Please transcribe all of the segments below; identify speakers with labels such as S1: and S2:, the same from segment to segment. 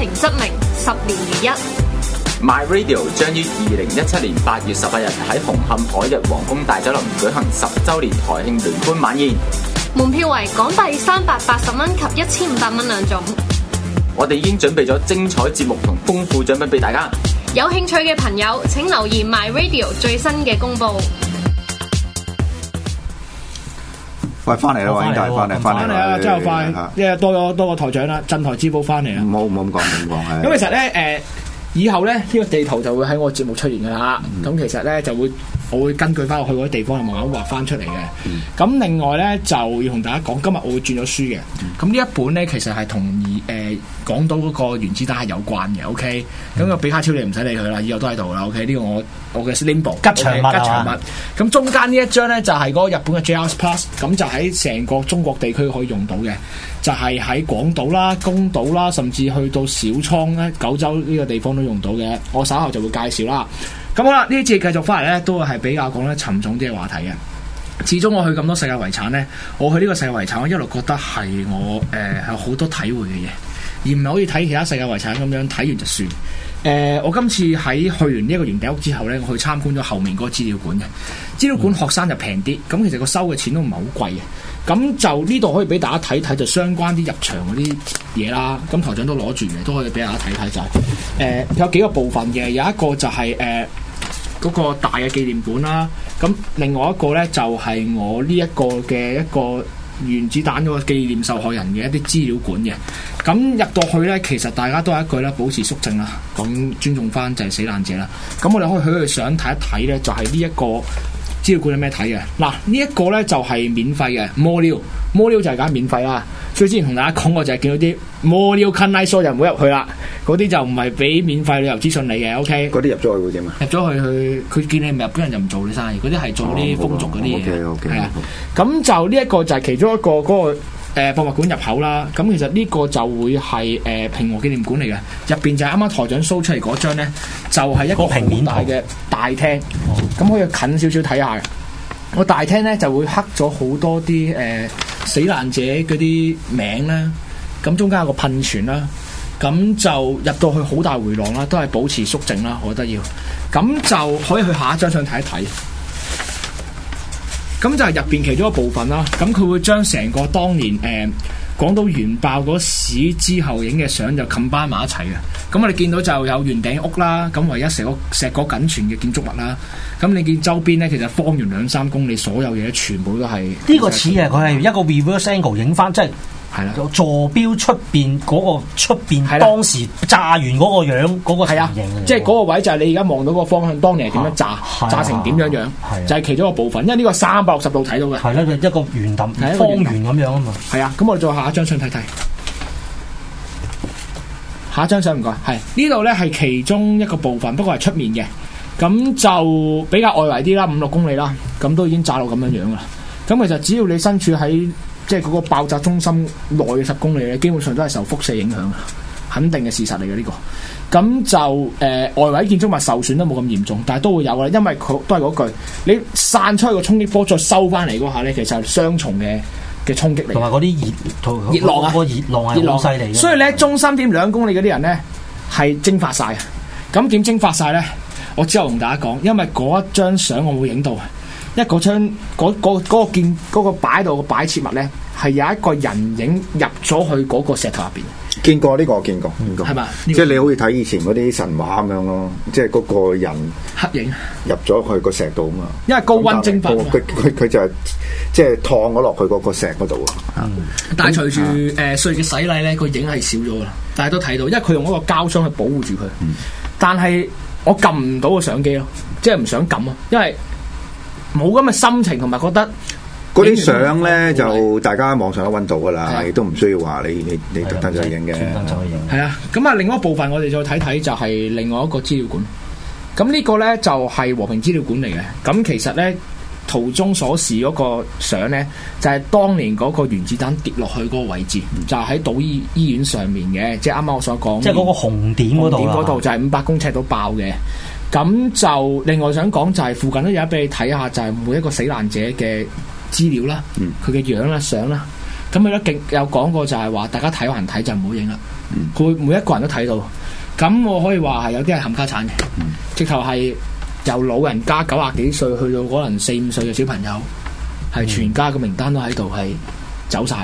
S1: 平則鳴，十年如一。
S2: My Radio 將於二零一七年八月十八日喺紅磡海逸皇宮大酒樓舉行十周年台慶聯歡晚宴，
S1: 門票為港幣三百八十蚊及一千五百蚊兩種。
S2: 我哋已經準備咗精彩節目同豐富獎品俾大家。
S1: 有興趣嘅朋友，請留意 My Radio 最新嘅公布。
S3: 喂，翻嚟啦，偉仔，翻嚟，翻嚟啊，真係快，
S2: 即係你多咗多個台長啦，鎮台之寶翻嚟啦，唔好唔好咁講，唔好咁講，係。咁 其實咧，誒以後咧呢、這個地圖就會喺我節目出現㗎啦，咁、嗯、其實咧就會。我會根據翻我去嗰啲地方，慢慢畫翻出嚟嘅。咁、嗯、另外呢，就要同大家講，今日我會轉咗書嘅。咁呢、嗯、一本呢，其實係同二誒廣島嗰個原子彈係有關嘅。OK，咁個、嗯、比卡超你唔使理佢啦，以後都喺度啦。OK，呢個我我嘅 Slimbo 吉祥物 OK？吉祥物。咁、啊、中間呢一張呢，就係、是、嗰個日本嘅 JR Pass 咁就喺成個中國地區可以用到嘅，就係喺廣島啦、宮島啦，甚至去到小倉咧、九州呢個地方都用到嘅。我稍後就會介紹啦。咁好啦，呢次繼續翻嚟呢，都係比較講得沉重啲嘅話題嘅。始終我去咁多世界遺產呢，我去呢個世界遺產，我一路覺得係我誒有好多體會嘅嘢，而唔係可以睇其他世界遺產咁樣睇完就算。誒、呃，我今次喺去完呢一個圓頂屋之後呢，我去參觀咗後面嗰個資料館嘅。資料館學生就平啲，咁、嗯、其實個收嘅錢都唔係好貴嘅。咁就呢度可以俾大家睇睇，就相關啲入場嗰啲嘢啦。咁台長都攞住嘅，都可以俾大家睇睇。就誒、呃、有幾個部分嘅，有一個就係誒嗰個大嘅紀念館啦。咁另外一個呢，就係、是、我呢一個嘅一個原子彈嗰個紀念受害人嘅一啲資料館嘅。咁入到去呢，其實大家都係一句啦，保持肅靜啦，咁尊重翻就係死難者啦。咁我哋可以去，去上睇一睇呢，就係呢一個。資料館有咩睇嘅？嗱，呢一、這個咧就係免費嘅無料，無料就係講免費啊。所以之前同大家講過就係見到啲無料案內所就唔好入去啦。嗰啲就唔係俾免費旅遊資訊你嘅，OK？嗰
S3: 啲入咗去會點啊？
S2: 入咗去佢佢見你唔係日本人就唔做你生意，嗰啲係做啲風俗嗰啲嘢，係啊、哦。咁就呢一個就係其中一個嗰、那個。誒、呃，博物館入口啦，咁其實呢個就會係誒、呃、平和紀念館嚟嘅，入邊就係啱啱台長 show 出嚟嗰張咧，就係、是、一個好大平面大嘅大廳，咁可以近少少睇下嘅。個大廳咧就會刻咗好多啲誒、呃、死難者嗰啲名啦。咁中間有個噴泉啦，咁就入到去好大回廊啦，都係保持肅靜啦，我覺得要，咁就可以去下一張相睇一睇。咁就係入邊其中一部分啦。咁佢會將成個當年誒、嗯、講到原爆嗰時之後影嘅相就冚巴埋一齊嘅。咁我哋見到就有圓頂屋啦。咁唯一成個碩果僅存嘅建築物啦。咁你見周邊咧，其實方圓兩三公里所有嘢
S1: 全部都係呢個似係佢係一個 reverse angle 影返，即係。係啦，坐標出邊嗰個出邊當時炸完嗰個樣，嗰個形，即係嗰個位就
S2: 係你而家望到嗰個方向，當年係點樣炸，炸成點樣樣，就係其中一個部分。因為呢個三百六十度睇到嘅。係啦，一個圓凼，方圓咁樣啊嘛。係啊，咁我哋再下一張相睇睇，下一張相唔該，係呢度咧，係其中一個部分，不過係出面嘅，咁就比較外圍啲啦，五六公里啦，咁都已經炸到咁樣樣啦。咁其實只要你身處喺。即係嗰個爆炸中心內嘅十公里咧，基本上都係受輻射影響嘅，肯定嘅事實嚟嘅呢個。咁就誒、呃、外圍建築物受損都冇咁嚴重，但係都會有嘅，因為佢都係嗰句，你散出去個衝擊波再收翻嚟嗰下咧，其實係雙重嘅嘅衝擊力。同埋嗰啲熱，熱浪啊，個熱浪係好犀利。所以咧，中心點兩公里嗰啲人咧係蒸發曬。咁點蒸發晒咧？我之後同大家講，因為嗰一張相我會影到。一、那個窗，嗰嗰嗰個見嗰、嗰個擺到、嗰個擺設物咧，係有一個人影入咗去嗰個石頭
S3: 入邊。見過呢個我見過，見過，係、嗯、吧嘛？即係你好似睇以前嗰啲神話咁樣咯，即係嗰個人黑影入咗去個石度啊嘛。
S2: 因為高溫蒸發，佢
S3: 佢佢就係、即係燙咗落去嗰個石嗰度啊。
S2: 但係隨住誒歲月洗禮咧，個影係少咗啦。但係都睇到，因為佢用嗰個膠箱去保護住佢。嗯、但係我撳唔到個相機咯，即係唔想撳啊，因為。冇咁嘅心情同埋覺得
S3: 嗰啲相咧、嗯、就大家網上都揾到噶啦，亦都唔需要話你你你特登再影嘅。
S2: 係啊的，咁啊，另一部分我哋再睇睇就係另外一個資料館。咁呢個咧就係、是、和平資料館嚟嘅。咁其實咧圖中所示嗰個相咧就係、是、當年嗰個原子彈跌落去嗰個位置，就喺島醫醫院上面嘅，即係啱啱我所講，即係嗰個紅點嗰度，點就係五百公尺到爆嘅。咁就另外想講，就係附近都有俾你睇下，就係每一個死難者嘅資料啦，佢嘅、嗯、樣啦、相啦。佢都極有講過就係話，大家睇還睇就唔好影啦。佢、嗯、每一個人都睇到。咁我可以話係有啲係冚家產嘅，嗯、直頭係由老人家九廿幾歲去到可能四五歲嘅小朋友，係、嗯、全家嘅名單都喺度，係走晒。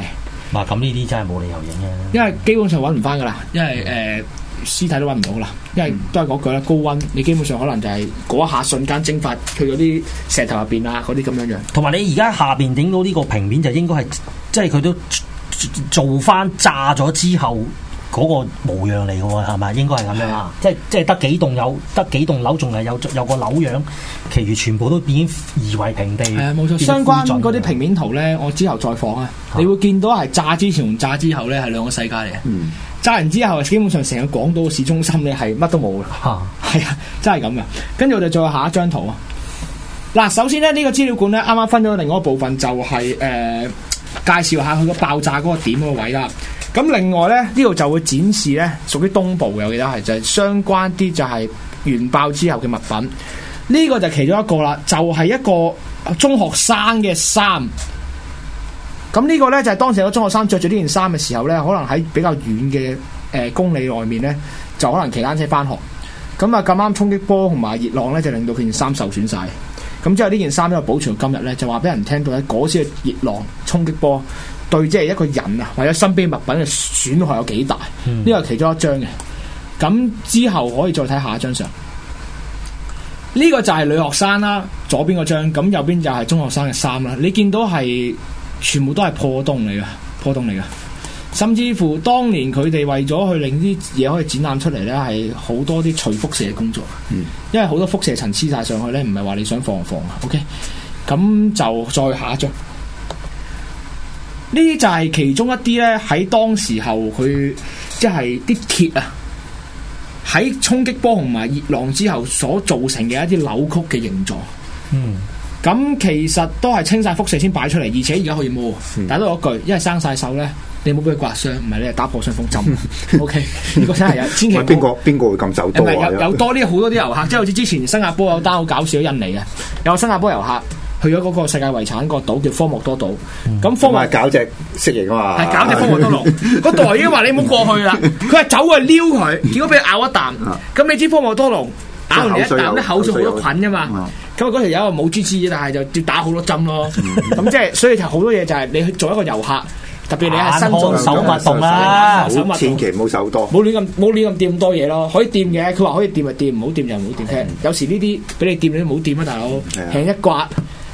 S1: 嗱、嗯，咁呢啲真係冇理由影
S2: 嘅。因為基本上揾唔翻噶啦，因為誒。嗯屍體都揾唔到啦，因為都係嗰句啦，嗯、高溫，你基
S1: 本上可能就係嗰一下瞬間蒸發佢嗰啲石頭入邊啊，嗰啲咁樣樣。同埋你而家下邊影到呢個平面就應該係，即係佢都做翻炸咗之後嗰個模樣嚟嘅喎，係咪？應該係咁樣是啊，即？即係即係得幾棟有，得幾棟樓仲係有有個樓樣，其餘全部都已經夷為平地。冇錯、哎。相關
S2: 嗰啲平面圖咧，我之後再放啊。你會見到係炸之前同炸之後咧係兩個世界嚟嘅。嗯。炸完之後，基本上成個廣島市中心咧係乜都冇嘅，係啊，真係咁嘅。跟住我哋再下一張圖啊。嗱，首先咧呢、這個資料館咧啱啱分咗另外一個部分，就係、是、誒、呃、介紹下佢個爆炸嗰個點嗰個位啦。咁另外咧呢度就會展示咧屬於東部，嘅。我記得係就係、是、相關啲就係原爆之後嘅物品。呢、這個就其中一個啦，就係、是、一個中學生嘅衫。咁呢個呢，就係當時有個中學生着住呢件衫嘅時候呢，可能喺比較遠嘅誒公里外面呢，就可能騎單車翻學。咁啊咁啱衝擊波同埋熱浪呢，就令到佢件衫受損晒。咁之後呢件衫呢保存到今日呢，就話俾人聽到呢，嗰時嘅熱浪衝擊波對即係一個人啊或者身邊物品嘅損害有幾大。呢個係其中一張嘅。咁之後可以再睇下一張相。呢個就係女學生啦，左邊個張，咁右邊就係中學生嘅衫啦。你見到係。全部都係破洞嚟噶，破洞嚟噶，甚至乎當年佢哋為咗去令啲嘢可以展覽出嚟呢係好多啲除輻射嘅工作，嗯，因為好多輻射塵黐晒上去呢唔係話你想放就放啊，OK，咁就再下一張。呢啲就係其中一啲呢喺當時候佢即係啲鐵啊，喺衝擊波同埋熱浪之後所造成嘅一啲扭曲嘅形狀，嗯。咁其實都係清晒輻射先擺出嚟，而且而家可以摸，嗯、但係都攞句，因為生晒手咧，你冇俾佢刮傷，唔係你係打破傷
S3: 風針。O K，如果真係有，千祈。邊個邊個會咁走有有多
S2: 啲好多啲遊客，即係好似之前新加坡有單好搞笑，印尼嘅有新加坡遊客去咗嗰個世界遺產個島叫科莫多島，咁、嗯、科莫多係搞隻蜥蜴啊嘛，係搞隻科莫多龍。個已經話你唔好過去啦，佢係走去撩佢，結果俾佢咬一啖。咁 你知科莫多龍？
S1: 咬完一啖咧，口水好多菌
S2: 噶嘛。咁啊，嗰條友啊冇知知，但係就要打好多針咯。咁即係，所以就好多嘢就係你去做一個遊客，特別你係眼看手勿動啦，手勿動，千祈
S3: 唔好手多，冇
S2: 亂咁冇亂咁掂多嘢咯。可以掂嘅，佢話可以掂就掂，唔好掂就唔好掂。有時呢啲俾你掂，你都唔好掂啊，大佬。輕輕一刮，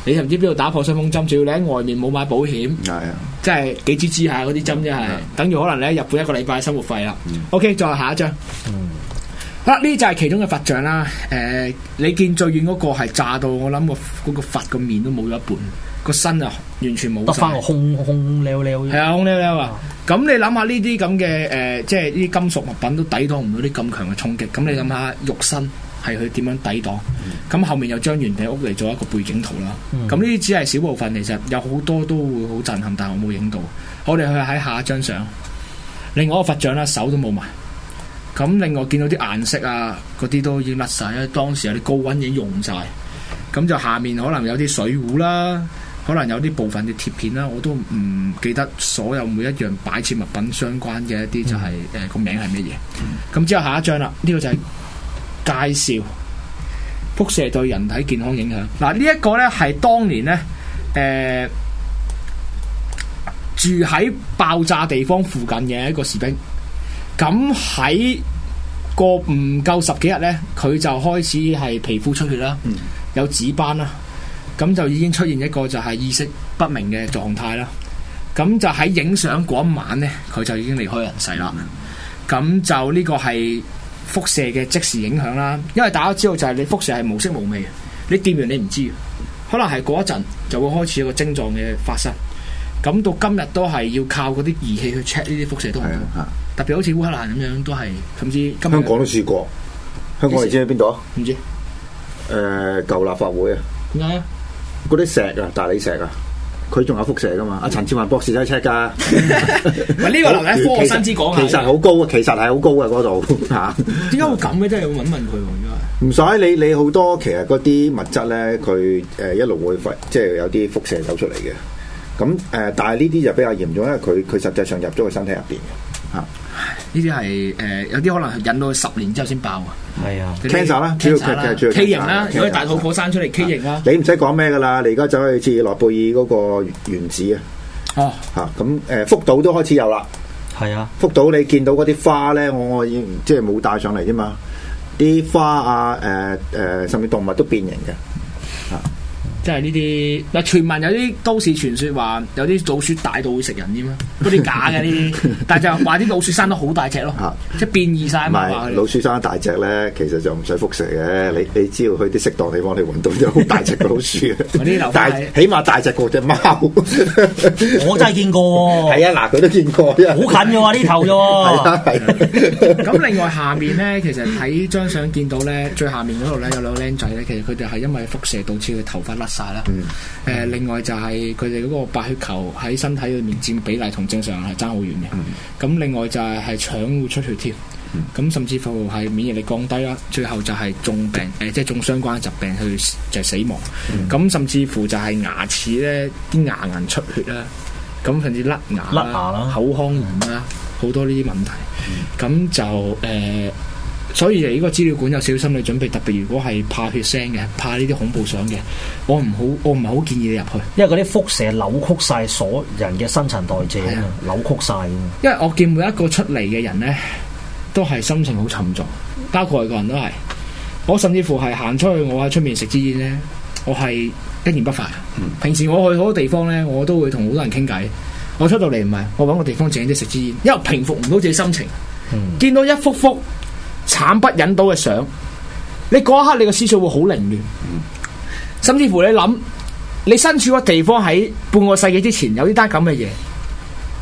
S2: 你又唔知邊度打破傷風針。仲要你喺外面冇買保險，係啊，真係幾知知下嗰啲針真係，等於可能喺日本一個禮拜生活費啦。OK，再下一張。呢就係其中嘅佛像啦。誒、呃，你見最遠嗰個係炸到，我諗個嗰佛個面都冇咗一半，個身就完全冇得翻
S1: 紅紅唥唥。係啊，
S2: 紅唥唥啊！咁你諗下呢啲咁嘅誒，即係啲金屬物品都抵擋唔到啲咁強嘅衝擊。咁你諗下肉身係佢點樣抵擋？咁、嗯、後面又將圓頂屋嚟做一個背景圖啦。咁呢啲只係小部分，其實有好多都會好震撼，但係我冇影到。我哋去喺下一張相，另一個佛像啦，手都冇埋。咁另外見到啲顏色啊，嗰啲都已經甩晒，因為當時有啲高溫已經融晒。咁就下面可能有啲水壺啦，可能有啲部分嘅鐵片啦，我都唔記得所有每一樣擺設物品相關嘅一啲就係誒個名係乜嘢。咁、嗯、之後下一張啦，呢、這個就係介紹輻射對人體健康影響。嗱、啊，呢、這、一個呢係當年呢誒、呃、住喺爆炸地方附近嘅一個士兵。咁喺過唔夠十幾日呢，佢就開始係皮膚出血啦，有紫斑啦，咁就已經出現一個就係意識不明嘅狀態啦。咁就喺影相嗰一晚呢，佢就已經離開人世啦。咁就呢個係輻射嘅即時影響啦。因為大家知道就係你輻射係無色無味，你掂完你唔知，可能係過一陣就會開始一個症狀嘅發生。咁到今日都係要靠嗰啲儀器去 check 呢啲輻射都唔同，特別好似烏克蘭咁樣都係，
S3: 甚至香港都試過。香港你知喺邊度啊？唔知。誒，舊立法會啊。點解啊？嗰啲石啊，大理石啊，佢仲有輻射噶嘛？阿陳志雲博士都係 check 噶。唔係呢個嚟咧，科學新知講嘅。其實好高啊，其實係好高嘅嗰度嚇。
S2: 點解會咁嘅？真係要問問佢喎。
S3: 唔使你你，好多其實嗰啲物質咧，佢誒一路會即係有啲輻射走出嚟嘅。咁誒，但係呢啲就比較嚴重，因為佢佢實際上入咗個身體入邊嘅
S2: 嚇。呢啲係誒，有啲可能係引到十年之後先爆啊。係啊，cancer 啦，主、啊、要畸形啦，如果大肚婆生出嚟，畸形啦。
S3: 你唔使講咩噶啦，你而家走去似諾貝爾嗰個原子啊嚇。嚇咁誒，福島都開始有啦。係啊，福島你見到嗰啲花咧，我我已即係冇帶上嚟啫嘛。啲花啊誒誒、呃呃，甚至動物都變形嘅嚇。啊。
S2: 即係呢啲，有傳聞有啲都市傳說話有啲老鼠大到會食人添啊，嗰啲假嘅呢啲，但就話啲老鼠生得好大隻咯。啊、即係變異晒啊嘛。老
S3: 鼠生大隻咧，其實就唔使輻射嘅。你你知道去啲適當地方，你搵到好大隻老鼠，但係起碼大隻過隻貓。
S1: 我真係見過，係
S3: 啊，嗱，佢都見過，好近嘅喎呢頭，
S2: 喎係啊係。咁另外下面咧，其實睇張相見到咧，最下面嗰度咧有兩個僆仔咧，其實佢哋係因為輻射導致佢頭髮甩。晒啦，誒、嗯，另外就係佢哋嗰個白血球喺身體裏面佔比例同正常係差好遠嘅，咁、嗯、另外就係係腸會出血添，咁、嗯、甚至乎係免疫力降低啦，最後就係重病，誒、呃，即係重相關疾病去就死亡，咁、嗯嗯、甚至乎就係牙齒咧啲牙齦出血啦，咁甚至甩牙啦，牙口腔炎啦，好、嗯、多呢啲問題，咁、嗯、就誒。呃所以呢個資料館有少少心理準備，特別如果係怕血腥嘅，怕呢啲恐怖相嘅，我唔好，我唔係好建議你入去，因為嗰啲輻射扭曲晒所有人嘅新陳代謝、啊、扭曲晒。因為我見每一個出嚟嘅人呢，都係心情好沉重，包括我個人都係。我甚至乎係行出去，我喺出面食支煙呢，我係一言不發。嗯、平時我去好多地方呢，我都會同好多人傾偈。我出到嚟唔係，我揾個地方靜啲食支煙，因為平復唔到自己心情。嗯、見到一幅幅。慘不忍睹嘅相，你嗰一刻你嘅思緒會好凌亂，甚至乎你諗，你身處個地方喺半個世紀之前有呢單咁嘅嘢，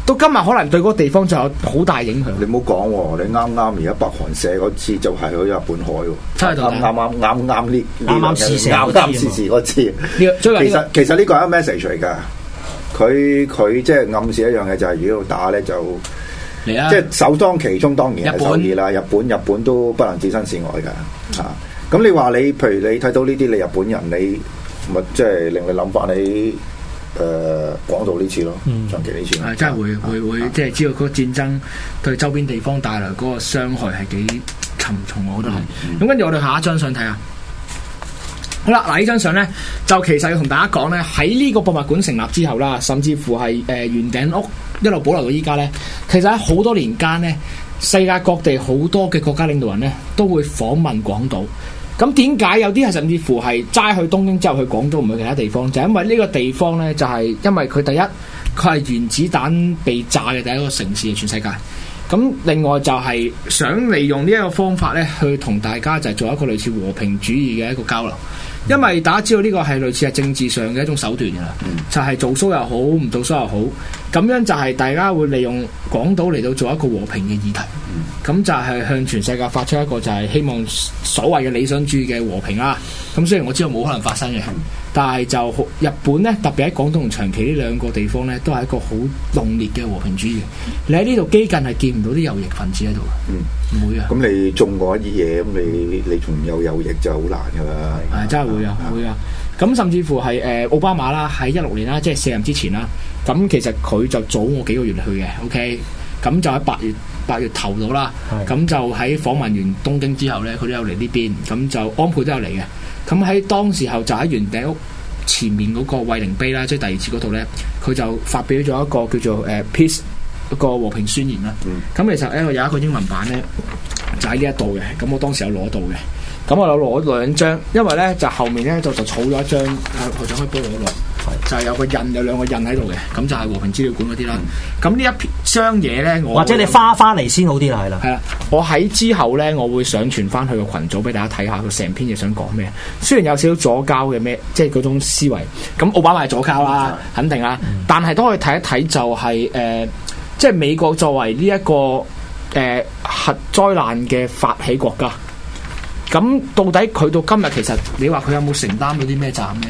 S3: 到今日可能對嗰個地方就有好大影響。你唔好講，你啱啱而家北韓射嗰次就係喺日本海，啱啱啱啱啱呢啱啱試射嗰次。其實其實呢個係一個 message 嚟噶，佢佢即係暗示一樣嘢，就是，就係如果要打咧就。即係首當其衝，當然係受二啦。日本，日本，日本都不能置身事外噶。吓、嗯、咁、啊、你話你，譬如你睇到呢啲，你日本人你，你咪即係令你諗法你，你、呃、誒、講到呢次咯，長、嗯、期呢次。啊、即係
S2: 會、啊、會會、即係知道嗰戰爭對周邊地方帶來嗰個傷害係幾沉重，我覺得係。咁跟住我哋下一張相睇下。好啦，嗱呢張相呢，就其實要同大家講呢，喺呢個博物館成立之後啦，甚至乎係誒圓頂屋一路保留到依家呢。其實喺好多年間呢，世界各地好多嘅國家領導人呢，都會訪問廣島。咁點解有啲係甚至乎係齋去東京之後去廣島唔去其他地方？就是、因為呢個地方呢，就係、是、因為佢第一，佢係原子彈被炸嘅第一個城市嘅全世界。咁另外就係想利用呢一個方法呢，去同大家就做一個類似和平主義嘅一個交流。因為大家知道，呢個係類似係政治上嘅一種手段㗎啦，就係、是、做 show 又好，唔做 show 又好。咁樣就係大家會利用廣島嚟到做一個和平嘅議題，咁就係向全世界發出一個就係希望所謂嘅理想主義嘅和平啦。咁雖然我知道冇可能發生嘅，但係就日本咧，特別喺廣島同長崎呢兩個地方咧，都係一個好濃烈嘅和平主義。你喺呢度基近係見唔到啲右
S3: 翼分子喺度啊？嗯，唔會啊。咁你種過一啲嘢，咁你你仲有右翼就好難噶啦。係，真係會啊，
S2: 會啊。咁甚至乎係誒奧巴馬啦，喺一六年啦，即係卸任之前啦。咁其實佢就早我幾個月去嘅，OK，咁就喺八月八月頭到啦，咁是就喺訪問完東京之後咧，佢都有嚟呢邊，咁就安倍都有嚟嘅。咁喺當時候就喺圓頂屋前面嗰個慰靈碑啦，即、就、係、是、第二次嗰度咧，佢就發表咗一個叫做誒、呃、Peace 個和平宣言啦。咁、嗯、其實咧有一個英文版咧就喺呢一度嘅，咁我當時有攞到嘅，咁、嗯、我有攞兩張，因為咧就後面咧就就儲咗一張，啊、我可以俾我攞。就係有個印，有兩個印喺度嘅，咁就係和平資料館嗰啲啦。咁呢一篇張嘢呢，我或者你花翻嚟先好啲啊？係啦，係啦。我喺之後呢，我會上傳翻去個群組俾大家睇下，佢成篇嘢想講咩。雖然有少少左膠嘅咩，即係嗰種思維。咁奧巴馬係左膠啦，嗯、肯定啦。嗯、但係都可以睇一睇，就是，就係誒，即係美國作為呢、這、一個誒、呃、核災難嘅發起國家，咁到底佢到今日其實你話佢有冇承擔到啲咩責任呢？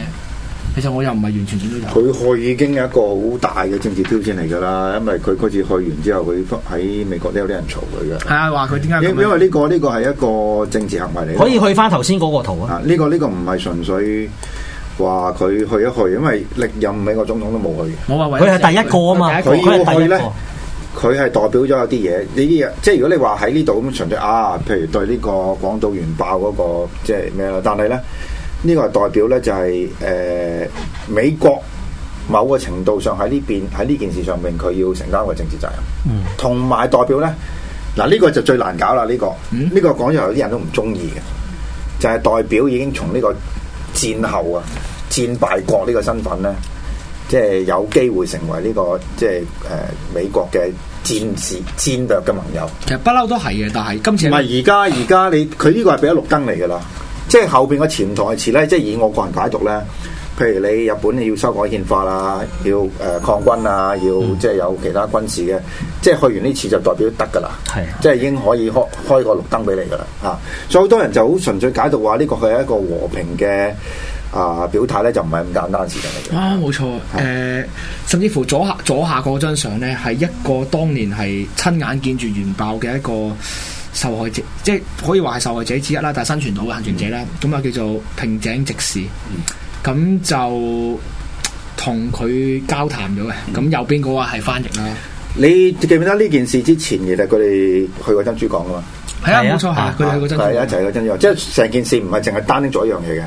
S2: 其實我又唔係完全認同。佢
S3: 去已經有一個好大嘅政治挑戰，嚟噶啦，因為佢開始去完之後，佢喺美國都有啲人嘈佢嘅。係啊，話佢點解？因因為呢個呢個係一個政治行為嚟。可以去翻頭先嗰個圖啊！呢、這個呢、這個唔係純粹話佢去一去，因為歷任美國總統都冇去、去。我話佢係第一個啊嘛，佢係第一個。所以咧，佢係代表咗有啲嘢。呢啲嘢，即、就、係、是、如果你話喺呢度咁純粹啊，譬如對呢、這個廣島原爆嗰、那個，即係咩啦？但係咧。呢個係代表咧，就係、是、誒、呃、美國某個程度上喺呢邊，喺呢件事上面，佢要承擔一個政治責任。嗯、同埋代表咧，嗱呢、這個就最難搞啦！呢、這個呢、嗯、個講咗有啲人都唔中意嘅，就係、是、代表已經從呢個戰後啊、戰敗國呢個身份咧，即、就、係、是、有機會成為呢、這個即係誒美國嘅戰士、戰略嘅盟友。其實不嬲都係嘅，但係今次唔係而家，而家你佢呢個係俾咗綠燈嚟嘅啦。即係後邊嘅潛台詞咧，即係以我個人解讀咧，譬如你日本要修改憲法啦，要誒、呃、抗軍啊，要即係、嗯、有其他軍事嘅，即係去完呢次就代表得㗎啦，是的 即係已經可以開開個綠燈俾你㗎啦嚇。所以好多人就好純粹解讀話呢個係一個和平嘅啊表態咧，就唔係咁簡單事情嚟
S2: 嘅。啊，冇、啊、錯誒、啊呃，甚至乎左下左下嗰張相咧，係一個當年係親眼見住原爆嘅一個。受害者即係可以話係受害者之一啦，但係生存到嘅幸存者啦，咁啊叫做平井直士，咁就同佢
S3: 交談咗嘅。咁右邊
S2: 嗰個係翻譯啦。
S3: 你記唔記得呢件事之前，其實佢哋去過珍珠港噶嘛？係啊，冇錯啊，佢哋去珍珠，係一齊去珍珠港，即係成件事唔係淨係單拎咗一樣嘢嘅。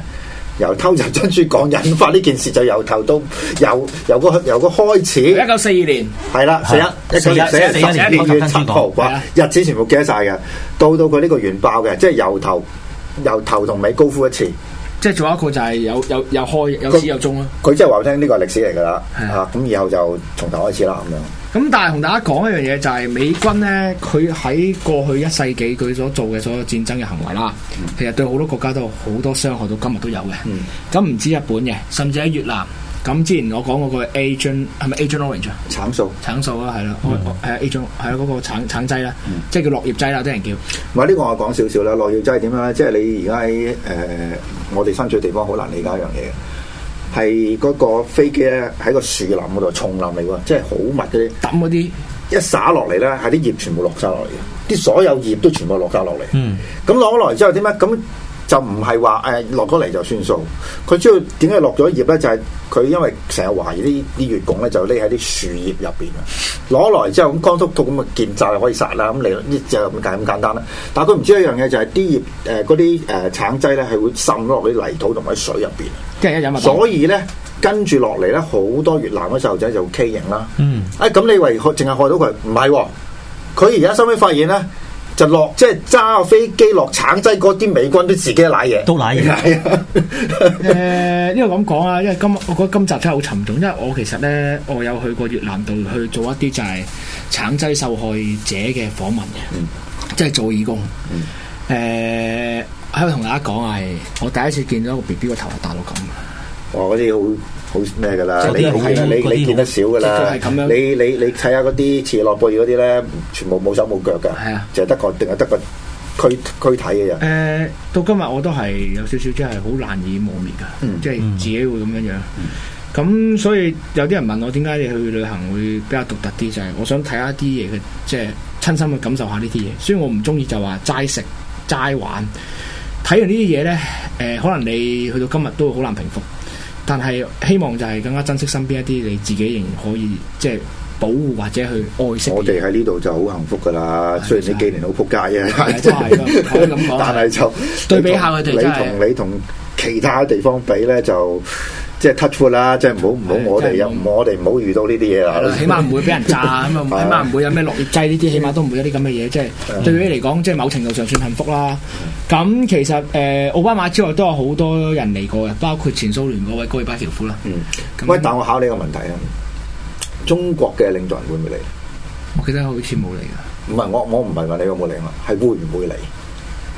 S3: 由偷襲珍珠港引發呢件事，就由頭到由由個由個開始。一九四二年，係啦，四一四一四一年，一月七號，個日子全部記得曬嘅。到到佢呢個原爆嘅，即係由頭由頭同尾高呼一次。即係仲有一個就係有有有開有始有終啦。佢即係話我聽，呢個歷史嚟噶啦，嚇咁的、啊、以後就從頭開始啦咁樣。
S2: 咁但係同大家講一樣嘢，就係、是、美軍咧，佢喺過去一世紀佢所做嘅所有戰爭嘅行為啦，其實對好多國家都有好多傷害，到今日都有嘅。咁唔、嗯、止日本嘅，甚至喺越南。咁之前我講嗰個 agent 係咪 agent orange？橙素，橙素啊，係啦，係啊 agent 係啊嗰個橙橙劑啦，嗯、
S3: 即係叫落葉劑啦啲人叫。唔係呢個我講少少啦，落葉劑係點樣咧？即、就、係、是、你而家喺誒我哋身處地方好難理解一樣嘢係嗰個飛機咧，喺個樹林嗰度，叢林嚟喎，即係好密嗰啲抌嗰啲，一撒落嚟咧，係啲葉全部落晒落嚟，啲所有葉都全部落晒落嚟。嗯，咁攞咗落嚟之後，點咧？咁就唔係話誒落咗嚟就算數，佢主要點解落咗葉咧？就係、是。佢因為成日懷疑啲啲越共咧，就匿喺啲樹葉入邊啊，攞來之後，咁光禿禿咁啊，見曬可以殺啦，咁你就咁咁簡單啦。但係佢唔知一樣嘢就係、是、啲葉誒嗰啲誒橙劑咧係會滲落啲泥土同埋水入邊。所以咧，跟住落嚟咧，好多越南嘅啲細路仔就畸形啦。嗯，哎咁你以為淨係害到佢唔係喎？佢而家收尾發現咧。就落即係揸飛機落橙劑嗰啲美軍都自己瀨嘢，都瀨嘢瀨。
S2: 誒、 呃，因為咁講啊，因為今我覺得今集真係好沉重，因為我其實咧，我有去過越南度去做一啲就係橙劑受害者嘅訪問嘅，嗯、即係做義工。誒、嗯，喺度同大家講啊，我第一次見到個 B B 個頭啊大佬咁。
S3: 哦，嗰啲你好好咩噶啦，你你那些 你見得少噶啦、就係，你你你睇下嗰啲似落貝嗰啲咧，全部冇手冇腳噶，就係、啊、得個定係得個軀軀體嘅人。
S2: 誒、呃，到今日我都係有少少，即係好難以磨滅噶，嗯、即係自己會咁樣樣。咁、嗯、所以有啲人問我點解你去旅行會比較獨特啲，就係、係、我想睇下啲嘢嘅，即、就、係、係、親身去感受下呢啲嘢。所以我唔中意就話齋食齋玩，睇完呢啲嘢咧，誒、呃，可能你去到今日都好難平復。但係希望就係更加珍惜身邊一啲你自己
S3: 仍可以，即係、就是、保護或者去愛惜。我哋喺呢度就好幸福㗎喇，的雖然你幾年好仆街嘅，但係就對比下佢哋你同你同其他地方比咧就。 即係 touch wood 啦，即係唔好唔好，我哋有，我哋唔好遇到呢啲嘢啦。起碼唔會俾人炸。咁起碼唔
S2: 會有咩落葉劑呢啲，起碼都唔會有啲咁嘅嘢。即係對你嚟講，即係某程度上算幸福啦。咁其實誒，奧巴馬之外都有好多人嚟過嘅，包括前蘇聯嗰位戈爾巴喬夫啦。但
S3: 我考你個問題啊，中國嘅領導人會唔會嚟？我記得好似冇嚟㗎。唔係我我唔係問你有冇嚟啊，係會唔會嚟？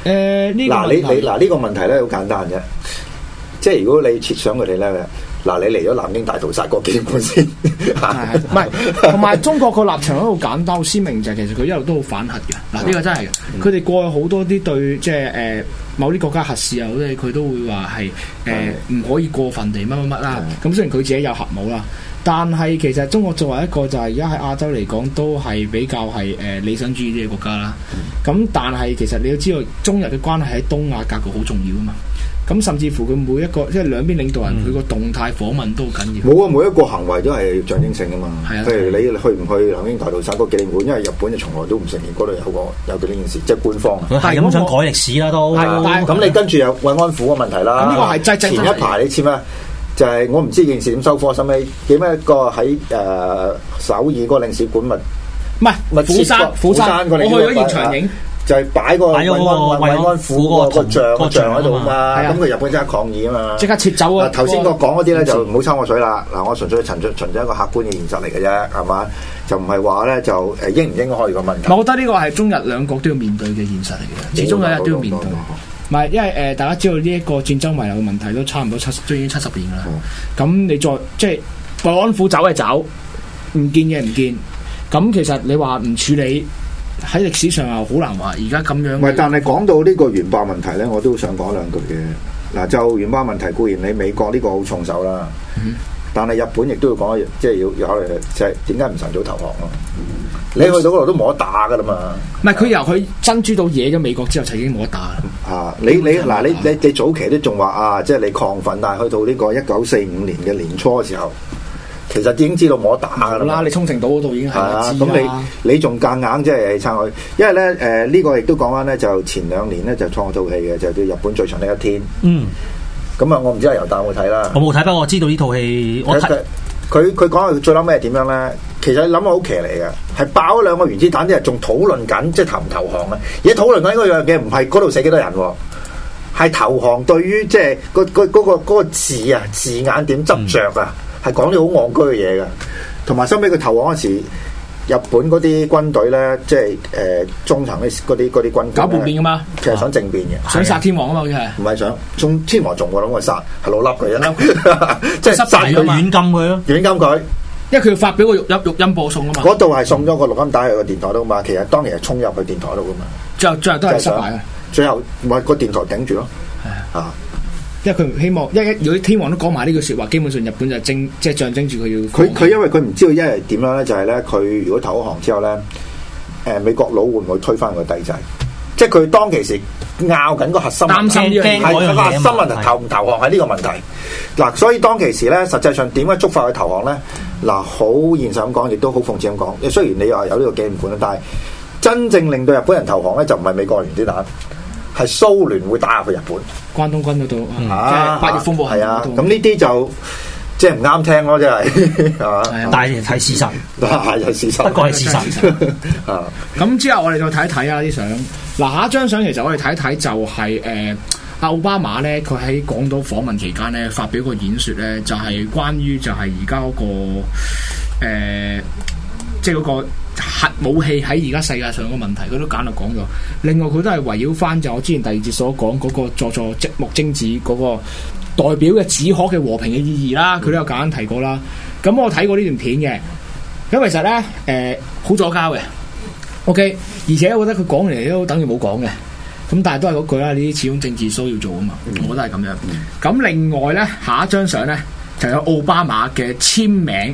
S2: 誒，嗱你嗱
S3: 呢個問題咧好簡單啫。即係如果你設想佢哋咧，嗱你嚟咗南京大屠殺個記憶館先。唔係同
S2: 埋中國個立場都好簡單好鮮明，就係其實佢一路都好反核嘅。嗱呢個真係嘅，佢哋過去好多啲對即係誒、呃、某啲國家核試啊，或者佢都會話係誒唔可以過分地乜乜乜啦。咁的雖然佢自己有核武啦。但係其實中國作為一個就係而家喺亞洲嚟講都係比較係誒理想主義啲嘅國家啦。咁、嗯、但係其實你要知道中日嘅關係喺東亞格局好重要啊嘛。咁甚至乎佢每一個即係、就是、兩邊領導人佢個動態訪問都好緊要。冇啊，
S3: 每一個行為都係象徵性噶嘛。譬如、嗯、你去唔去南京大屠殺嗰個紀念館，因為日本就從來都唔承認嗰度有個有佢呢件事，即係官方。佢係咁想
S1: 改歷史啦都。係啊。咁你跟住有慰
S3: 安婦嘅問題啦。呢個係真真。前一排你簽啊？就係我唔知件事點收科，使咪幾蚊一個喺誒首爾個領事館物，唔係釜山釜山我去咗現場影，就係擺個慰安慰安婦像，個像喺度嘛，咁佢日本即刻抗議啊嘛，即刻撤走啊！頭先我講嗰啲咧就唔好抽我水啦，嗱我純粹陳述陳述一個客觀嘅現實嚟嘅啫，係嘛？就唔係話咧就誒應唔應該可以個問題。我覺
S2: 得呢個係中日兩國都要面對嘅現實嚟嘅，始終日都要面對。唔係，因為誒、呃，大家知道呢一個戰爭遺留嘅問題都差唔多七十，都已經七十年啦。咁、哦、你再即係安撫走嘅走，唔見嘅唔見。咁其實你話唔處理，喺歷史上又好難話。而家咁樣唔係，但係
S3: 講到呢個原爆問題咧，我都想講兩句嘅。嗱，就原爆問題，固然你美國呢個好重手啦。嗯但係日本亦都要講，即係要要考慮即係點解唔晨早投降咯？你去到嗰度都冇得打噶啦嘛！唔係佢
S2: 由佢珍珠島惹咗美國之後，就已經冇得打啦。
S3: 啊！你你嗱，你你你早期都仲話啊，即係你亢奮，但係去到呢個一九四五年嘅年初嘅時候，其實已經知道冇得打啦。啦，你沖繩島嗰度已經係。咁你你仲夾硬即係撐佢？因為咧誒，呢個亦都講翻咧，就前兩年咧就創嗰套戲嘅，就叫《日本最長的一天》。嗯。咁啊，我唔知係尤達有冇睇啦。我冇
S1: 睇，不過我知道我呢套戲。佢佢佢講係
S3: 最嬲咩點樣咧？其實諗個好騎嚟嘅，係爆咗兩個原子彈之後，仲討論緊即係投唔投降啊？而討論緊嗰樣嘢，唔係嗰度死幾多人，係投降對於即係、嗰個個嗰、嗰個字啊字眼點執着啊，係講啲好戇居嘅嘢噶，同埋收尾佢投降嗰時。日本嗰啲軍隊咧，即係誒、呃、中層嗰啲嗰啲啲軍搞叛變噶嘛？其實想政變嘅，啊、的想殺天皇啊嘛，好似係。唔係想中天皇做我諗佢殺，係老笠佢，一粒即係殺佢軟禁佢咯，軟禁佢。因為佢要發表個錄音，錄音播送啊嘛。嗰度係送咗個錄音帶去個電台度嘛，其實當然係衝入去電台度噶嘛。最後最後都係失敗嘅，最後咪個電台頂住咯。啊！
S2: 因為佢唔希望，因為如果天皇都講埋呢句說話，基本上日本就正即係、就是、象徵住佢要。佢佢
S3: 因為佢唔知道，因為點樣咧就係咧，佢如果投降之後咧，誒美國佬會唔會推翻個帝制？即係佢當其時拗緊個核心，擔心呢樣，係核心問題投唔投降係呢個問題。嗱的，所以當其時咧，實際上點解觸發佢投降咧？嗱，好現實咁講，亦都好諷刺咁講。雖然你話有呢個紀念館啦，但係真正令到日本人投降咧，就唔係美國佬啲蛋。係蘇聯會打入去日本，關東軍嗰度，嗯、即係八月風暴行動。咁呢啲就即係唔啱聽咯，即係。 啊、但係睇事
S1: 實，係睇事實，不過係事實。
S3: 咁 之後我哋再睇一
S2: 睇啊，啲相、 啊。嗱，下一張相其實我哋睇一睇，就係誒奧巴馬咧，佢喺廣島訪問期間咧，發表個演說咧、嗰個呃，就係關於就係而家嗰個誒，即係嗰個。就係核武器喺而家世界上嘅問題，佢都簡略講咗。另外佢都係圍繞翻就我之前第二節所講嗰個佐佐木禎子嗰個代表嘅紙鶴嘅和平嘅意義啦，佢、嗯、都有簡單提過啦。咁我睇過呢段片嘅，咁其實咧誒好左膠嘅，OK。而且我覺得佢講嚟都等於冇講嘅，咁但係都係嗰句啦，呢啲始終政治 show 要做㗎嘛。我覺得係咁樣。咁另外咧，下一張相咧就有奧巴馬嘅簽名。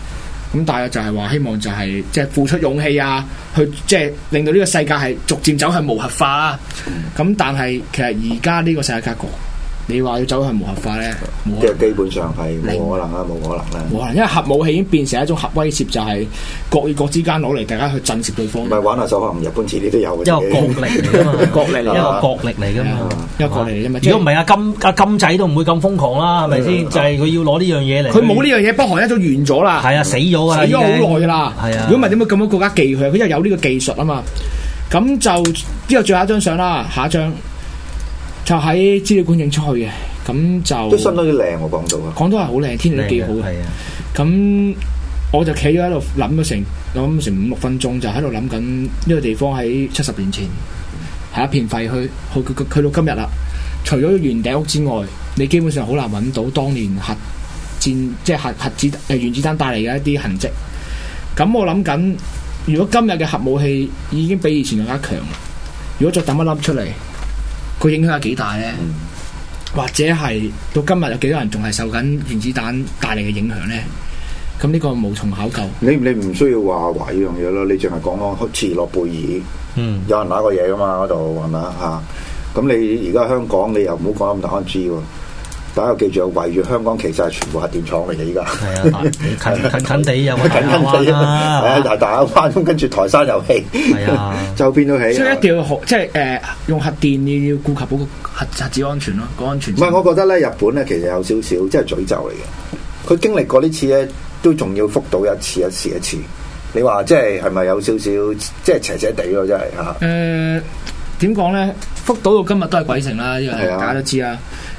S2: 咁大約就係話希望就係即係付出勇氣啊，去即係令到呢個世界係逐漸走向無核化啦，咁但係其實而家呢個世界格局。你話要走係無核化咧，
S3: 即係基本上係冇可能啊，冇可能啦。冇可
S2: 能，因為核武器已經變成一種核威脅，就係國與國之間攞嚟大家去震懾對方。唔係玩下手，可能日本自己都有嘅。一個國力嚟噶嘛，國
S1: 力嚟啊嘛。一個國力嚟噶嘛，如果唔係阿金阿金仔都唔會咁瘋狂啦，係咪先？就係佢要攞呢樣嘢嚟。佢冇呢樣嘢，北韓一早完咗啦。係啊，死咗啊，死咗好耐啦。係啊，如果唔
S2: 係點會咁多國家忌佢？佢因為有呢個技術啊嘛。咁就之後最後一張相啦，下一張。.就喺資料館影出去嘅，咁就都新得
S3: 啲靚。我講到啊，
S2: 廣州係好靚，天氣都幾好嘅。咁我就企咗喺度諗成諗成五六分鐘，就喺度諗緊呢個地方喺七十年前係一片廢墟，去到今日啦。除咗圓頂屋之外，你基本上好難搵到當年核戰，即係核核子誒，原子彈帶嚟嘅一啲痕跡。咁我諗緊，如果今日嘅核武器已經比以前更加強，如果再抌一粒出嚟。佢影響有幾大咧？或者係到今日有幾多人仲係受緊原子彈帶嚟嘅影響咧？咁呢個無從考究。
S3: 你你唔需要話話呢樣嘢咯，你淨係講講好似諾貝爾，
S1: 嗯，
S3: 有人攞過嘢噶嘛，嗰度係咪啊？嚇！咁你而家香港你又唔好講咁大安居喎。大家記住啊，圍住香港其實係全部核電廠嚟嘅依家。係啊，近近、
S1: 啊、近地又近近地啦。係啊，大
S3: 大亞灣跟住台山又、哎、呀 起，係啊，周邊都起。所以一
S2: 定要學，即係誒，用核電要要顧及好個核核子安全咯，個
S3: 安全。唔係，我覺得咧，日本咧其實有少少，即係詛咒嚟嘅。佢經歷過呢次咧，都仲要福島一次一次一次。你話即係係咪有少少即係邪邪地咯？真係。誒
S2: 點講咧？福島到今日都係鬼城啦，因為的大家都知啊。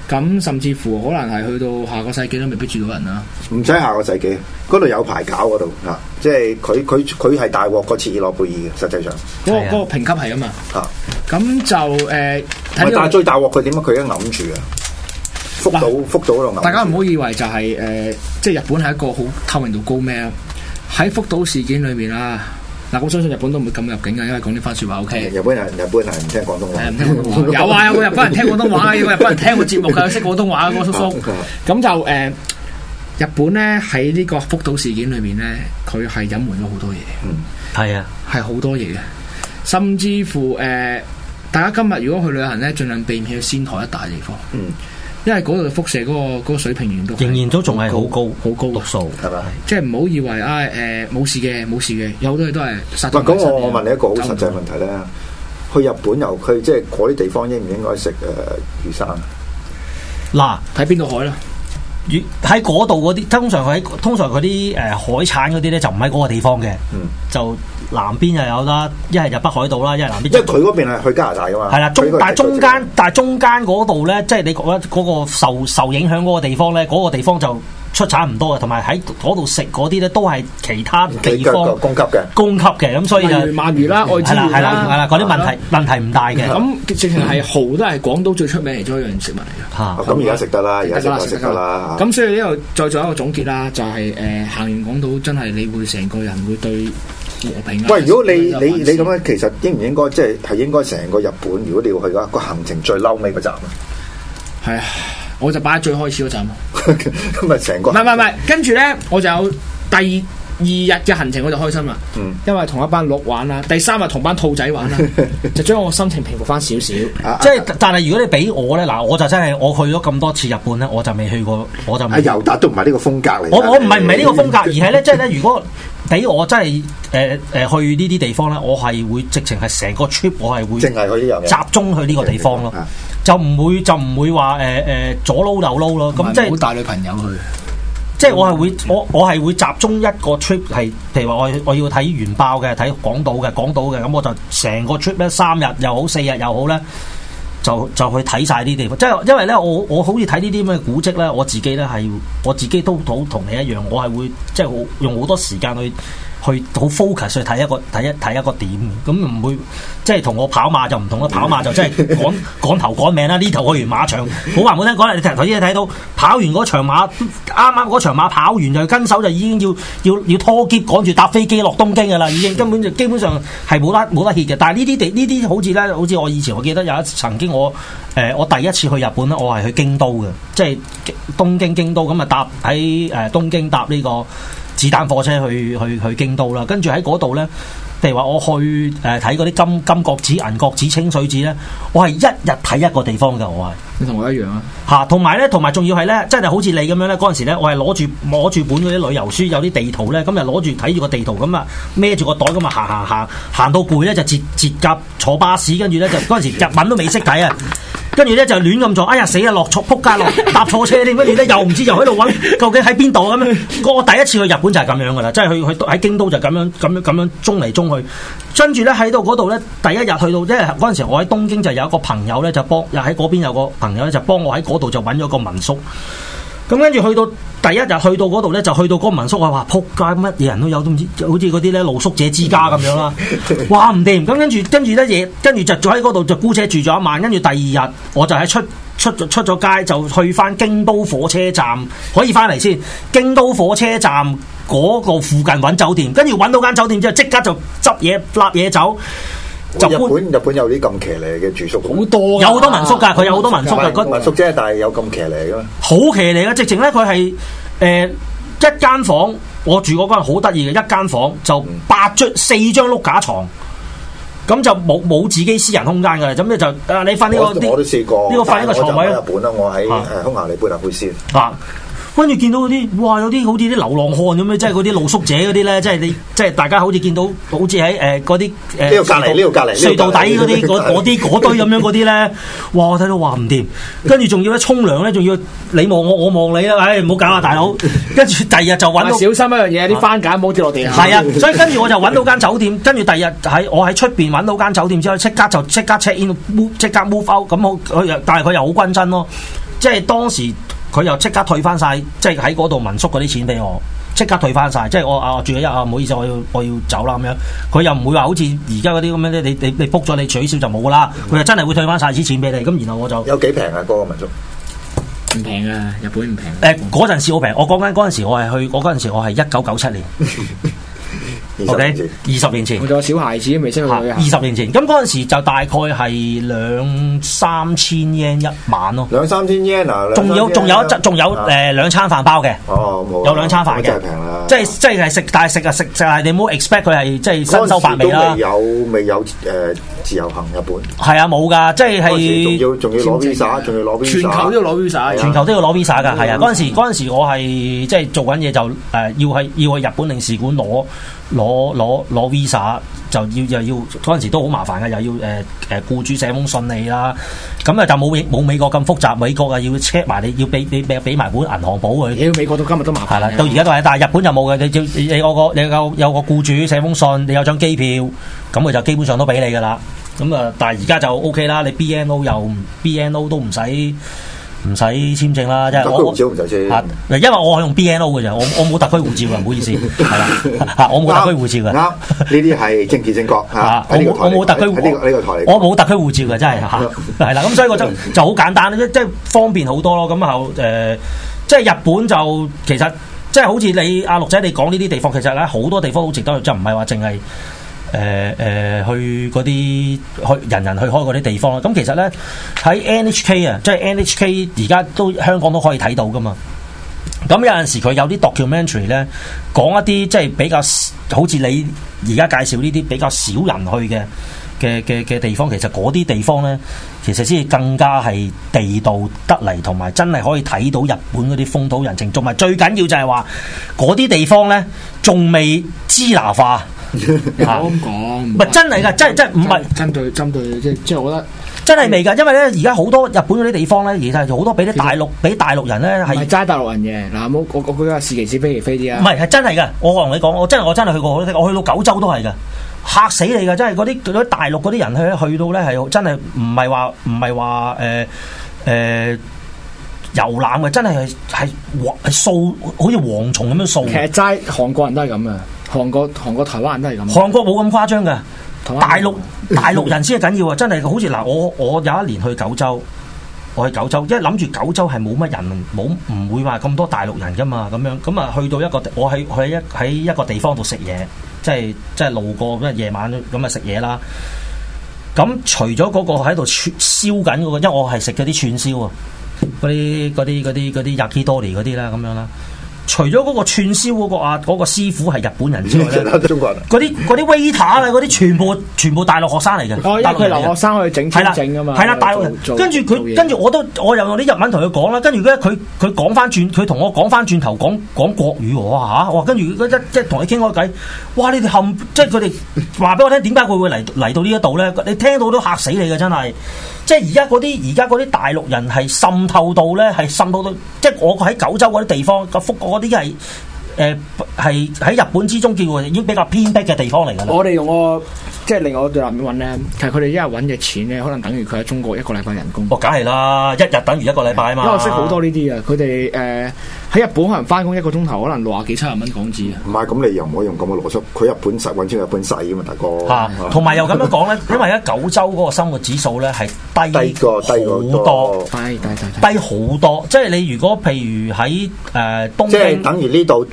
S2: 咁甚至乎可能係去到下個世紀都未必住到人啊！
S3: 唔使下個世紀，嗰度、嗯、有排搞嗰度吓，即係佢佢佢係大鑊個切爾諾貝爾嘅，實際上。
S2: 嗰、啊那個嗰、那個評級係啊嘛吓，咁就誒，但、呃、係、這個、最
S3: 大鑊佢點啊？佢已經諗住啊！福島、呃、福島度，
S2: 大家唔好以為就係、是、誒、呃，即係日本係一個好透明度高咩？喺福島事件裏面啊。嗱、啊，我相信日本都唔會咁入境嘅，因為講呢番説話 OK。日本人，日本人唔聽廣東話，唔 話、 啊。有啊，有個、啊啊啊、 日本人聽廣、啊、東話有個日本人聽我節目嘅，識廣東話叔叔，咁 就誒、呃，日本咧喺呢個福島事件裏面咧，佢係隱瞞咗好多嘢。嗯，係啊，係好多嘢嘅，甚至乎誒、呃，大家今日如果去旅行咧，儘量避免去仙台一帶地方。嗯。因為嗰度嘅輻射嗰個嗰個水平原仍然都仍然都仲
S1: 係好高好高，毒素
S2: 係咪？吧即係唔好以為唉誒冇事嘅冇事嘅，有
S3: 好多嘢
S1: 都係殺咗。咁我我問你一個好實際問題咧，去
S3: 日本遊區，即係嗰啲地方應唔應該食誒魚生？
S1: 嗱喇，喺邊度海咧？魚喺嗰度嗰啲通常佢喺，通常嗰啲誒海產嗰啲咧就唔喺嗰個地方嘅，嗯就。南邊又有啦，一係就北海道啦，一係南邊。因為佢
S3: 嗰邊係去加拿大噶嘛？係啦，中但係
S1: 中間，但係中間嗰度咧，即係你覺得嗰個受受影響嗰個地方咧，嗰個地方就出產唔多嘅，同埋喺嗰度食嗰啲咧都係其他地方供給嘅，供給嘅，咁所以就。係啦，係啦，係啦，嗰啲問題問題唔大嘅。咁直
S2: 情係蠔都係廣島最出名嘅一樣食物嚟嘅。嚇！咁而家
S3: 食得啦，而家食得啦，咁
S2: 所以呢度再做一個總結啦，就係誒行完廣島，真係你會成個人會對。啊、喂，如果你你你咁
S3: 咧，樣其實應唔應該即係係應該成個日本，如果你要去嘅話，個行程最嬲尾嗰站啊？係
S2: 啊， 我就擺喺最開始嗰站。咁咪成個？唔係唔係唔係， 跟住咧我就第二。二日嘅行程我就開心啦，嗯、因為同一班鹿玩啦，第三日同班兔仔玩啦， 就將我心情平復翻少少。啊
S1: 啊、即係，但係如果你俾我咧，嗱，我就真係我去咗咁多次日本咧，我就未去過，我就。尤
S3: 達、啊、都唔係呢個風格嚟。我我唔係唔係呢個風格，啊、而係咧，即
S1: 係咧，如果俾我真係誒誒去呢啲地方咧，我係會直情係成個 trip 我係會，淨係集中去呢個地方咯，就唔會就唔會話誒誒左撈右撈咯。咁即係唔好帶女朋友去。即係我係會，我我係會集中一個 trip 係，譬如話我我要睇原爆嘅，睇廣島嘅，廣島嘅，咁我就成個 trip 咧，三日又好四日又好咧，就就去睇晒啲地方。即係因為咧，我我好似睇呢啲咁嘅古蹟咧，我自己咧係，我自己都好同你一樣，我係會即係用好多時間去。去好 focus 去睇一個睇一睇一個點，咁唔會即係同我跑馬就唔同啦。跑馬就即係趕趕頭趕命啦。呢頭去完馬場， 好話冇聽講啦。你頭先睇到跑完嗰場馬，啱啱嗰場馬跑完就跟手就已經要要要拖喼趕住搭飛機落東京嘅啦。已經根本就基本上係冇得冇得歇嘅。但係呢啲地呢啲好似咧，好似我以前我記得有一曾經我誒、呃、我第一次去日本咧，我係去京都嘅，即係東京京都咁啊，搭喺誒東京搭呢、呢個。子彈火車去去去京都啦，跟住喺嗰度呢，譬如話我去誒睇嗰啲金金閣寺、銀閣寺、清水寺呢，我係一日睇一個地方噶，我係。
S2: 你同我一樣啊！
S1: 吓，同埋呢，同埋仲要係呢，真係好似你咁樣呢。嗰陣時咧，我係攞住攞住本嗰啲旅遊書，有啲地圖呢，咁又攞住睇住個地圖咁啊，孭住個袋咁啊行行行，行到攰呢，就截接夾坐巴士，跟住呢，就嗰陣時日文都未識睇啊！ 跟住咧就亂咁坐，哎呀，死啊落錯，撲街落搭錯車添，點解你咧又唔知又喺度揾，究竟喺邊度？咁樣我第一次去日本就係咁樣噶啦，即係去去喺京都就咁樣咁樣咁樣中嚟中去，跟住咧喺到嗰度咧，第一日去到，因為嗰陣時我喺東京就有一個朋友咧就幫，又喺嗰邊有個朋友咧就幫我喺嗰度就揾咗個民宿。咁跟住去到第一日去到嗰度呢，就去到嗰民宿啊，話撲街乜嘢人都有，都唔知，好似嗰啲咧露宿者之家咁樣啦，哇唔掂。咁跟住跟住呢，嘢，跟住就喺嗰度就姑且住咗一晚。跟住第二日我就喺出出出咗街就去翻京都火車站，可以翻嚟先。京都火車站嗰個附近揾酒店，跟住揾到間酒店之後即刻就執嘢笠嘢走。就日
S3: 本，日本有啲咁騎呢嘅住宿好
S1: 多，有好多民宿㗎，佢、啊、有好多民宿嘅。民宿
S3: 啫、就是，但係有咁騎呢㗎嘛。
S1: 好騎呢，直情咧佢係誒一間房，我住嗰間好得意嘅，一間房就八張、嗯、四張碌架床，咁就冇冇自己私人空間㗎啦。咁咧就啊，你瞓呢、這個，我都試過呢個瞓呢個床位啦。
S3: 日本啦，我喺空霞裏貝那貝先
S1: 啊。跟住見到嗰啲，哇！有啲好似啲流浪漢咁樣，即係嗰啲露宿者嗰啲咧，即係你，即係大家好似見到，好似喺誒嗰啲誒隔離、呢度隔離、隧道底嗰啲、嗰啲、嗰堆咁樣嗰啲咧。哇！ 我睇到話唔掂，跟住仲要咧沖涼咧，仲要你望我，我望你啦。哎，唔好搞啊，大佬！跟住第二日就揾到小心一樣嘢，啲番梘唔好跌落地下。係啊，所以跟住我就揾到間酒店， 跟住第二日喺我喺出邊揾到間酒店之後，即刻就即刻 check in，即刻 move out。咁但係佢又好均真咯，即係當時。佢又即刻退翻晒，就是，即係喺嗰度民宿嗰啲錢俾我，即刻退翻晒。即係我啊住咗一日，唔好意思，我要我要走啦咁樣。佢又唔會話好似而家嗰啲咁樣咧，你你你 book 咗你取消就冇噶啦。佢、嗯、又真係會退翻晒啲錢俾你。咁然後我就有幾平啊？個民宿唔平啊，日本唔平，啊。誒嗰陣時好平，我講緊嗰陣時我，時我係去我嗰陣時，我係一九九七年。 OK，二十年前，仲有小孩子未出去旅行。二十年前，咁嗰陣時就大概係兩三千 yen 一晚咯。兩三千 yen 啊，仲有仲有仲有誒兩餐飯包嘅。哦，冇，有兩餐飯嘅，即係即係係食，但係食啊食食你冇 expect 佢係即係新手飯味啦。
S3: 有，未有誒自由行
S1: 日本。係啊，冇噶，即係係。仲要仲要攞 visa，
S3: 仲要攞 visa。全球都要攞 visa，全球
S1: 都要攞 visa 噶。係啊，嗰陣時陣時我係即係做緊嘢，就誒要去要去日本領事館攞。攞攞攞 Visa 就要又要嗰陣時都好麻煩嘅，又要誒誒、呃呃、僱主寫封信你啦，咁啊就冇冇美國咁複雜，美國啊要 check 埋你要俾你俾俾埋本銀行簿佢。美國到今日都麻煩啦。係啦，到而家都係，但係日本就冇嘅，你要你我你有個你有，有個僱主寫封信，你有張機票，咁佢就基本上都俾你㗎啦。咁啊，但係而家就 OK 啦，你 BNO 又、嗯、BNO 都唔使。唔使簽證啦，即係我，因為我係用 B N O 嘅啫。我我冇特區護照嘅，唔好意思，係啦嚇，我冇特區護照嘅。呢啲係政治正確嚇。我我冇特區護照嘅，真係嚇係啦。咁所以我就就好簡單，即即係方便好多咯。咁後誒，即係日本就其實即係好似你阿陸仔你講呢啲地方，其實咧好多地方好值得，就唔係話淨係。誒誒、呃、去嗰啲去人人去開嗰啲地方。咁其實呢，喺 NHK 啊，即係 NHK 而家都香港都可以睇到噶嘛。咁有陣時佢有啲 documentary 呢，講一啲即係比較好似你而家介紹呢啲比較少人去嘅嘅嘅嘅地方，其實嗰啲地方呢，其實先更加係地道得嚟，同埋真係可以睇到日本嗰啲風土人情，仲埋最緊要就係話嗰啲地方呢，仲未支拿化。你唔好咁講，唔係真係噶真真唔係。針對針對即即係我覺得士士真係未噶因為咧而家好多日本嗰啲地方咧，而家好多俾啲大陸俾大陸人咧係齋大陸人嘅。嗱，冇我我講下是其是非其非啲啊。唔係係真係噶我同你講，我真係我真係去過好多次，我去到九州都係噶吓死你噶真係嗰啲嗰啲大陸嗰啲人去去到咧係真係唔係話唔係話誒誒遊覽嘅，真係係係掃，好似蝗蟲咁樣掃。其實齋韓國人都係咁啊。T ab ern ed 韓國、韓國、台灣都係咁。韓國冇咁誇張嘅，大陸大陸人先係緊要啊！真係好似嗱，我我有一年去九州，我去九州，因為一諗住九州係冇乜人，冇唔會話咁多大陸人㗎嘛。咁樣咁啊，去到一個我係去，我去一喺一個地方度食嘢，即係即係路過咁啊，夜晚咁啊食嘢啦。咁除咗嗰個喺度燒緊嗰個，因為我係食嗰啲串燒啊，嗰啲嗰啲嗰啲嗰啲 yakitori 嗰啲啦，咁樣啦。除咗嗰個串燒嗰個啊，嗰個師傅係日本人之外咧， 中國人嗰啲嗰啲 waiter 啦，嗰啲、er, 全部全部大陸學生嚟嘅，但佢 留學生去整菜整啊嘛，係啦了，大陸人。跟住佢，跟住我都，我又用啲日文同佢講啦。跟住佢佢講翻轉，佢同我講翻轉頭，講講國語。我我跟住一一同你傾開偈。哇！你哋冚，即係佢哋話俾我聽，點解佢會嚟嚟到呢一度咧？你聽到都嚇死你嘅，真係。真即係而家嗰啲，而家啲大陸人係滲透到咧，係滲透到，即係我喺九州嗰啲地方個福國嗰啲係，誒係喺日本之中叫已經比較偏僻嘅地方嚟㗎啦。我
S2: 哋用個即係另外對南邊揾咧，其實佢哋一日揾嘅錢咧，可能等於佢喺中國一個禮拜人工。哦，梗係啦，一日等於一個禮拜啊嘛。因為識好多呢啲啊，佢哋誒。呃喺日
S3: 本可能翻工一個鐘頭，可能六十幾七十蚊港紙啊。唔係，咁你又唔可以用咁嘅邏輯。佢日本實揾錢，日
S1: 本細啊嘛，大哥。嚇、啊，同埋又咁樣講咧，呵呵因為而家九州嗰個生活指數咧係低，低過好多，低低低低好多。即係你如果譬如喺誒
S3: 東京，呃、即係等於呢度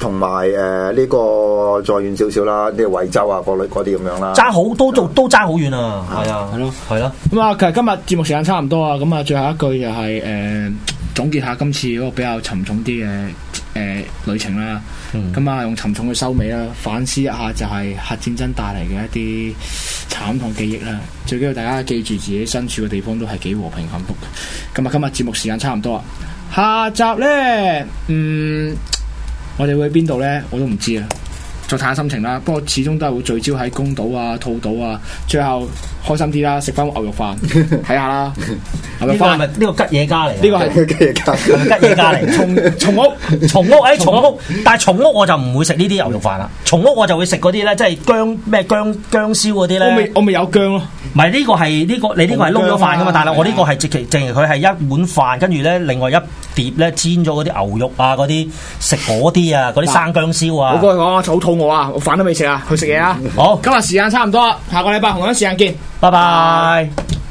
S3: 同埋誒呢個再遠少少啦，啲、這、惠、個、州啊、嗰類嗰啲咁樣啦。爭
S1: 好多，多都爭好遠啊！係啊，係咯，係咯。咁啊，其實今日節
S2: 目時間差唔多啊，咁啊，最後一句就係、是、誒。呃總結下今次嗰個比較沉重啲嘅誒旅程啦，咁啊用沉重去收尾啦，反思一下就係核戰爭帶嚟嘅一啲慘痛記憶啦。最緊要大家記住自己身處嘅地方都係幾和平幸福嘅。咁啊，今日節目時間差唔多啦，下集呢，嗯，我哋會去邊度呢？我都唔知啊。再睇下心情啦，不過始終都係會聚焦喺宮島啊、兔島啊，最後開心啲啦，食翻牛肉飯睇下啦。
S1: 呢個 吉野家嚟，呢個係吉野家， 吉野家嚟。松屋，松屋，哎，松、欸、屋，但係松屋我就唔會食呢啲牛肉飯啦，松屋我就會食嗰啲咧，即係薑咩薑薑燒嗰啲咧。我咪我咪有薑咯、啊。唔係，呢個係呢個，你呢個係撈咗飯噶嘛？但係我呢個係直其，正佢係一碗飯，跟住咧另外一碟咧煎咗嗰啲牛肉啊，嗰啲食嗰啲啊，嗰啲生薑燒啊。好，我
S2: 講我好肚餓啊，我飯都未食啊，去食嘢啊！好，今
S1: 日時間差唔多，下個禮拜同一時間見，拜拜。拜拜。